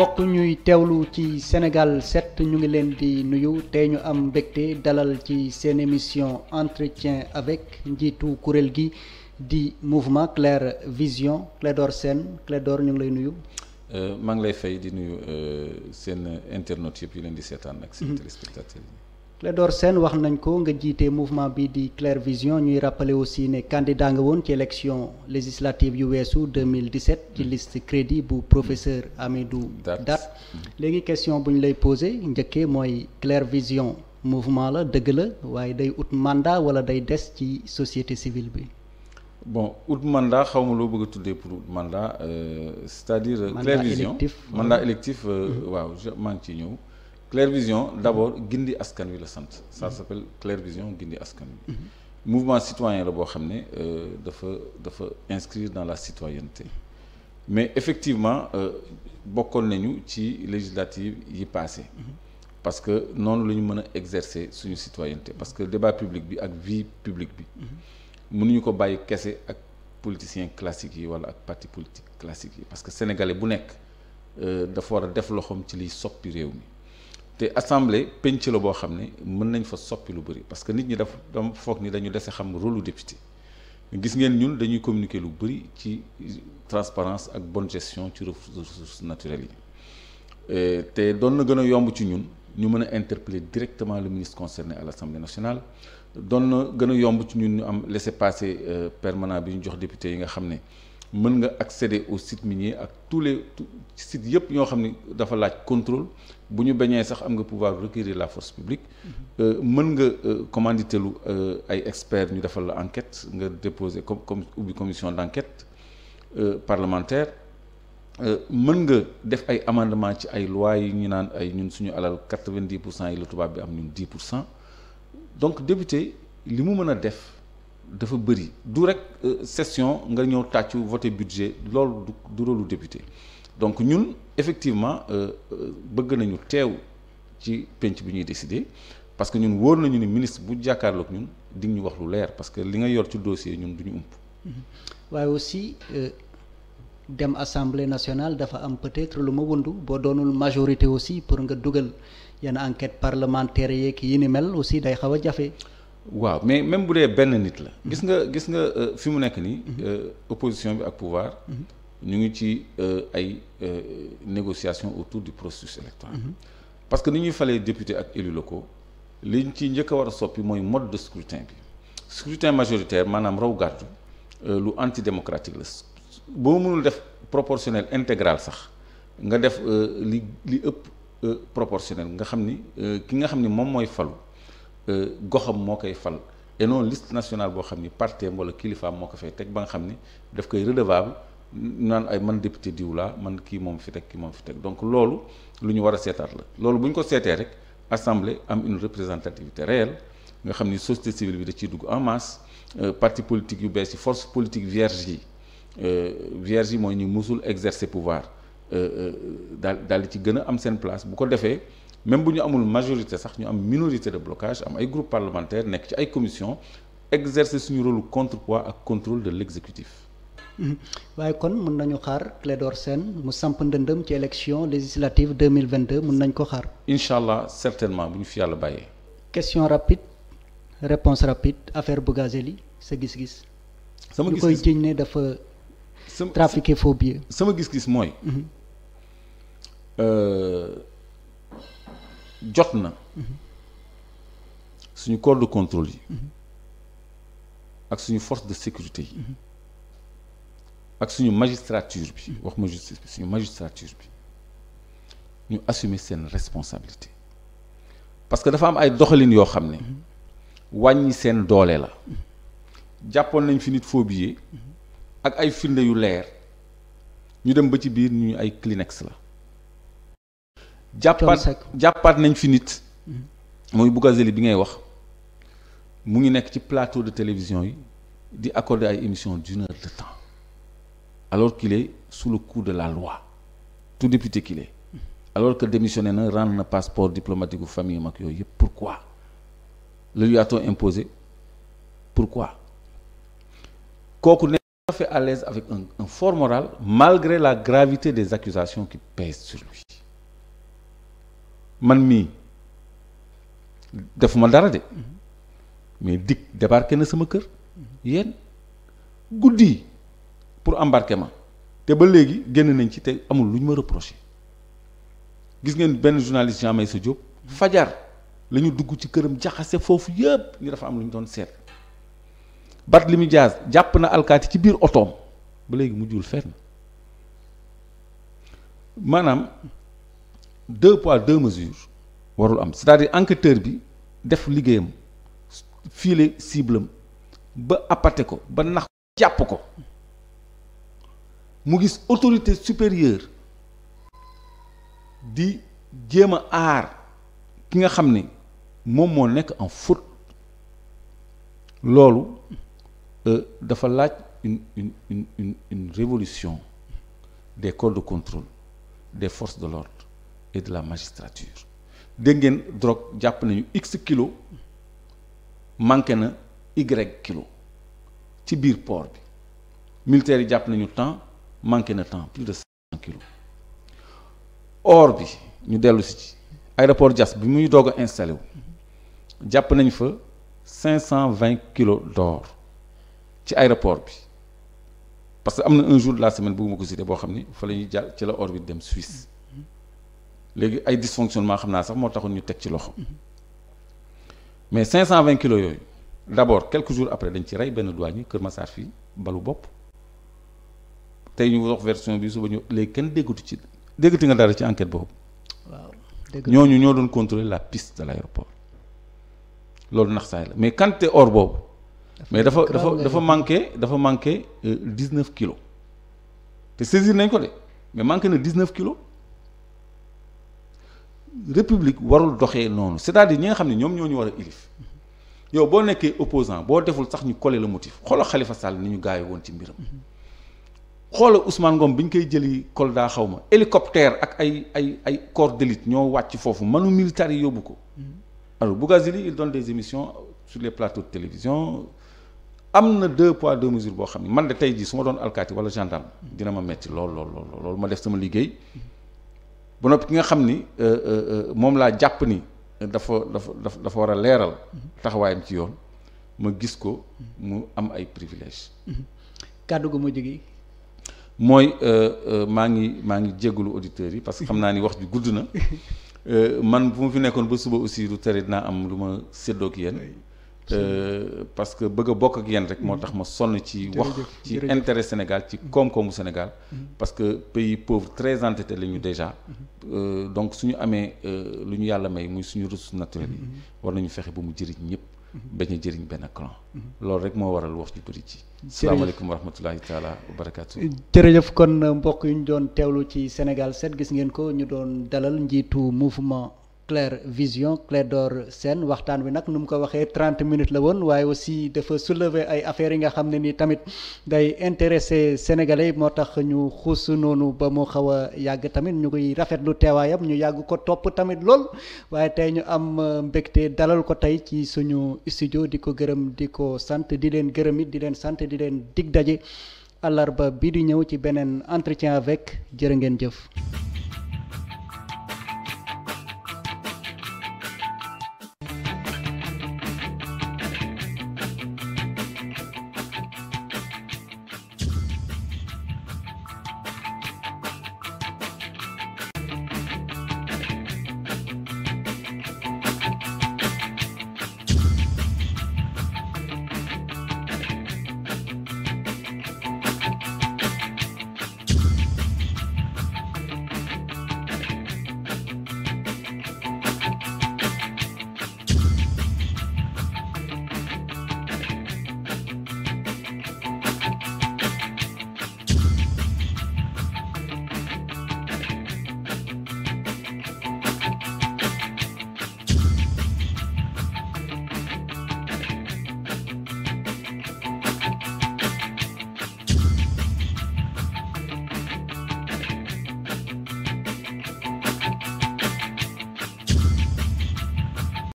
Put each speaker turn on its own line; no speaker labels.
mbokk ñuy teewlu ci Sénégal set ñu ngi leen di nuyu tey ñu am mbégte dalal ci seen émission entretien avec njiitu kuréel gi di mouvement Claire Vision door seen Sène door ñu ngi lay nuyu.
Euh, maa ngi lay fay di nuyu euh, seen internautes yëpp yu leen di seetaan ak seen mhm. téléspectateurs yi.
Clédor Sène wax nañ ko nga jiite mouvement bi di Clair Vision ñuy rappeler aussi ne candidat nga woon ci élection législative yu weesu 2017 ci hmm. liste crédit bu professeur Amidou Dat léegi question bu ñu lay posé njëkkee mooy Clair Vision mouvement la dëgg la waaye day ut mandat wala day des ci société civile bi
bon out mandat xaw ma loo bëgg tuddee pour out mandat euh, c'est-à-dire euh, Clair Vision mandat électif mandat électif euh, hmm. waaw je maa ngi ci ñëw Claire Vision d'abord gindi askan wi la sant ça mhm. s'appelle gindi askan wi mhm. mouvement citoyen la boo xam ne euh, dafa dafa inscrire dans la citoyenneté mais effectivement euh, bokkoon nañu ci législative yi passé mhm. parce que noonu la ñu mën a exercer suñu citoyenneté parce que débat public bi ak vie publique bi mënuñu ko bàyyi kese ak politiciens classiques yi wala ak parti politique classique yi parce que sénégalais bu nekk euh, dafa war a def loxoom ci liy soppi réew mi te assemblée penc la boo xam ne mën nañ fa soppi lu bëri parce que nit ñi daf dama foog ni dañu dese xam rôle lu député gis ngeen ñun dañuy communiquer lu bëri ci transparence ak bon gestion ci ressources naturelles yi euh, te doon na gën a yomb ci ñun ñu mën a interpeller directement le ministre concerné à l'Assemblée nationale doon na gën a yomb ci ñun ñu am laissez-passer euh, permanent bi ñu jox député yi nga xam ne mën nga accéder au site minier ak tous les sites yëpp ñoo xam ne dafa laaj contrôle bu ñu bañee sax am nga pouvoir requérir la force publique mm-hmm. euh, mën nga euh, commandité lu euh, ay experts ñu defal la enquête nga déposer comme comme ubbi commission d'enquête parlementaire mën nga def ay amendement ci ay lois yi ñu naan ay ñun suñu alal quatre-vingt-dix pour cent yi la tubaab bi am ñun dix pour cent donc député li mu mën a def dafa bëri du rek euh, session nga ñëw tàccu voté budget loolu du rôlu député donc ñun effectivement euh, euh, bëgg nañu teew ci penc bi ñuy décider parce que ñun wóor nañu ni ministre bu jàkkaarlook ñun di ñu wax lu leer parce que li nga yor ci dossier ñun du ñu ump.
Mm-hmm. waaye aussi dem assemblée nationale dafa am peut-être lu ma wëndu boo doonul majorité aussi pour nga dugal yenn enquête parlementaire yeeg yi ni mel aussi day xaw a jafe.
waaw mais même bu dee benn nit la. gis nga gis nga euh, fi mu nekk nii. Mhm. Euh, opposition bi ak pouvoir. Mhm. ñu ngi ci euh, ay négociations autour du processus électoral. Mhm. parce que ni ñuy falee député ak élus locaux liñ ci njëkk war a soppi mooy mode de scrutin bi scrutin majoritaire maanaam raw gàddu lu antidémocratique la boo mënul def proportionnel intégral sax nga def li li ëpp proportionnel nga xam ni ki nga xam ni moom mooy falu. Euh, goxam moo koy fal et non liste nationale boo xam ni parteem wala kilifaam moo ko fay teg ba nga xam ni daf koy redevable naan ay man député diw laa man kii moom fi teg ki moom fi teg donc loolu lu ñu war a seetaat la loolu bu ñu ko seetee rek assemblée am une te réelle nga xam ni société civile bi da ciy dugg en masse euh, parti politique yu bees yi force politique vierge yi euh, vierge yi mooy ñu musul exercer pouvoir dal daal di ci gën a am seen place bu ko defee même bu ñu amul majorité sax ñu am minorité de blocage am ay groupe parlementaire nekk ci ay commission exercer suñu rôle contrepoids ak contrôle de l'exécutif
waaye kon mën nañu xaar Clédor Sène mu samp ndëndëm ci élection législative 2022 mën nañ ko xaar
incha allah certainement bu ñu fi yàlla bàyyee
question rapide réponse rapide affaire Bougazelli sa gis-gis sama gis-gis ne dafa trafiqué faux billets
sama gis-gis mooy mhm. euh, jot na suñu corps de contrôle yi ak suñu force de sécurité yi ak suñu magistrature bi wax suñu magistrature bi ñu assumer seen responsabilité parce que dafa am ay doxalin yoo xam ne wàññi seen doole la jàppoon nañ fi nit phobie ak ay firnde yu leer ñu dem ba ci biir ñu ay Kleenex la jàppaat jàppaat nañ fi nit mooy mhm. Bougazelli bi ngay wax mu ngi nekk ci plateau de télévision yi di accorder ay émission d'une heure de temps alors qu'il est le coup de la loi tout député qu'il est mhm. alors que démissionné na rendre na passeport diplomatique u famille mag yooyu yëpp pourquoi le lui a-t-on imposé pourquoi kooku ne fait à l'aise avec un, un fort malgré la gravité des accusations qui pèsent sur lui man mii defuma dara de mais dikk débarqué na sama kër yéen guddi pour embarquer ma te ba léegi génn nañ ci te amul lu ñu ma reproché gis ngeen benn journaliste Jean Meissa Diop fajar la ñu dugg ci këram jaxase foofu yëpp ñu dafa am lu ñu doon seet bat Barthélémy Dias jàpp na alkaati ci biir otoom ba léegi mujjul fenn maanaam deux poids deux mesures warul am c'est-à-dire bi def liggéeyam file cible ba appâté ko ba nax jàpp ko mu gis autorité supérieure di jéem a aar ki nga xam ni moom moo nekk en faute loolu euh, dafa laaj une une une une une révolution des corps de contrôle des forces de l'ordre de la magistrature dégg ngeen drogue jàpp nañu x kilo manqué na y kilo ci biir port bi militaires yi jàpp nañu temps manqué na temps plus de cent or bi ñu dellu si ci aéroport jas bi muy doog a installé wu jàpp nañ fa cinq cent vingt kilos d'or ci aéroport bi parce que am na un jour la semaine bëgguma ko cité boo xam ni fa la ñuy jàll ci la or bi dem Suisse léegi ay dysfonctionnement xam naa sax moo taxoon ñu teg ci loxo mais 520 kilos yooyu d'abord quelques jour après dañ ci rey benn douanier Kër Massar fii balu bopp tey ñu wax version bi suba ñu léegi kenn déggatu ci déggati nga dara ci enquête boobu.
waaw ñooñu
ñoo doon contrôler la piste de l'aéroport loolu nax saay la mais quantité or boobu. mais dafa dafa dafa manqué dafa manqué 19 euh, kilos te saisir nañ ko de mais manqué na 19 kilos. république warul doxee noonu c'est-à-dire ñi nga xam ne ñoom ñoo ñu war a ilif yow boo nekkee opposant boo deful sax ñu coller le motif xoola Khalifa Sall ni ñu gaay woon ci mbiram xoola Ousmane Ngom bi ñu koy jëli Kolda xaw ma hélicoptère ak ay ay ay corps d'élite ñoo wàcc foofu manu militaire yi yóbbu ko alors Bougazili il donne des émissions sur les plateaux de télévision am na deux poids deux mesures boo xam ne man de tey jii su ma doon alkaati wala gendarme dina ma metti lool lool lool loolu ma def sama liggéey ba noppi ki nga xam ni euh, euh, euh, moom laa jàpp ni dafa dafa dafa war a leeral taxawaayam ci yoon ma gis ko mu am ay privilège
kàddu gu mujj gi
mooy maa ngi maa ngi jéggalu auditeurs yi parce que xam naa ni wax bi gudd na man bu ma fi nekkoon ba suba aussi du tere dinaa am lu ma séddoo ak yéen Euh, parce que bëgg a bokk ak yéen rek moo tax ma sonn ci wax ci intérêt Sénégal ci koom-koomu Sénégal mm-hmm. parce que pays pauvre très entêté la ñu déjà mm-hmm. euh, donc suñu amee euh, lu ñu yàlla may muy suñu ressources naturelles yi mm-hmm. war nañu fexe ba mu jëriñ ñëpp bañ a jëriñ benn clan loolu rek moo waral wax ju bëri ci salaamaaleykum wa rahmatulahi taala wa barakaatu
jërëjëf kon mbokk yu ñu doon teewlu ci Sénégal set ko ñu doon dalal njiitu mouvement Claire Vision Clédor Sène waxtaan wi nag nu mu ko waxee trente minutes la woon waaye aussi dafa soulever ay affaires yi nga xam ne ni tamit day intéressé sénégalais moo tax ñu xuus noonu ba mu xaw a yàgg tamit ñu koy rafetlu teewaayam ñu yàgg ko topp tamit lool waaye tey ñu am euh, mbégte dalal ko tey ci suñu studio di ko gërëm di ko sant di leen gërëm it di leen sant di leen dig daje àllarba bii di ñëw ci beneen entretien avec jërë ngeen jëf.